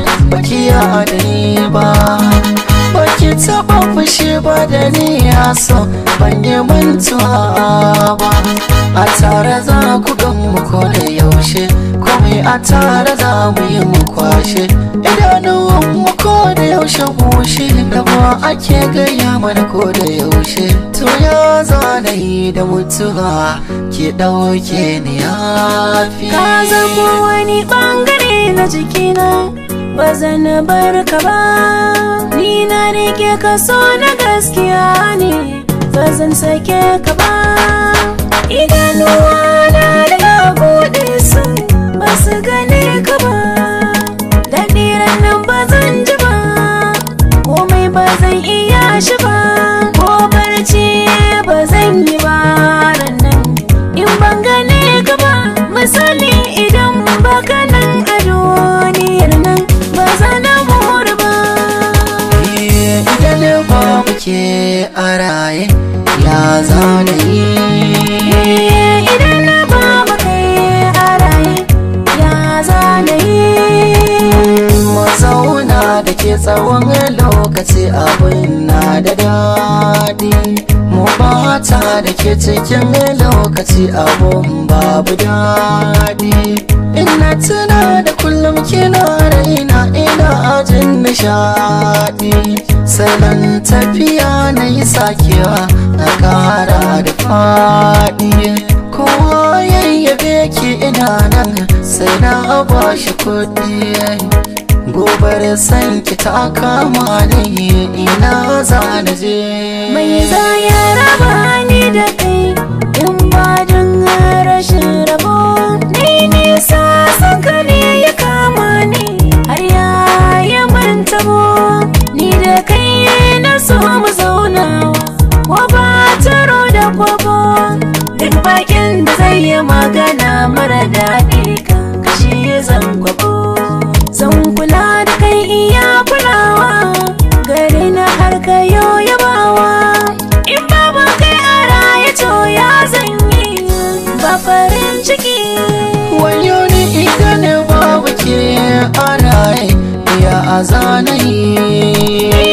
har baki ya ba baki taba fushi ba da ni ya so ban yi mantuwa ba a tare za ku don mu ko da yaushe komai a tare za mu yi mu kwashe idanuwan mu da yaushe bushe da ba ake gaya mana ko da yaushe to ya zana yi da mutuwa ke ɗauke ni ya ka zama wani bangare na jikina ba zan bar ka ba ni na rike ka so na gaskiya ne ba zan sake ka ba Idan na da bude sun ba su gane ka ba daɗiran nan ba zan ji ba komai ba zan iya shi ba ke raye ya zaune yi idan babu kai ya zaune mu zauna da ke tsawon lokaci abin na da daɗi mu da ke cikin lokaci abun babu daɗi ina tuna da kullum kina raina ina ajin nishaɗi salon tafiya na yi sakewa na ƙara da faɗi kowa yayyabe ki ina nan sai na ba shi kuɗi gobar san ki ta kama ni ina za na je mai za ya raba ni ciki wayo ni ita ne babu ke ana ya azanai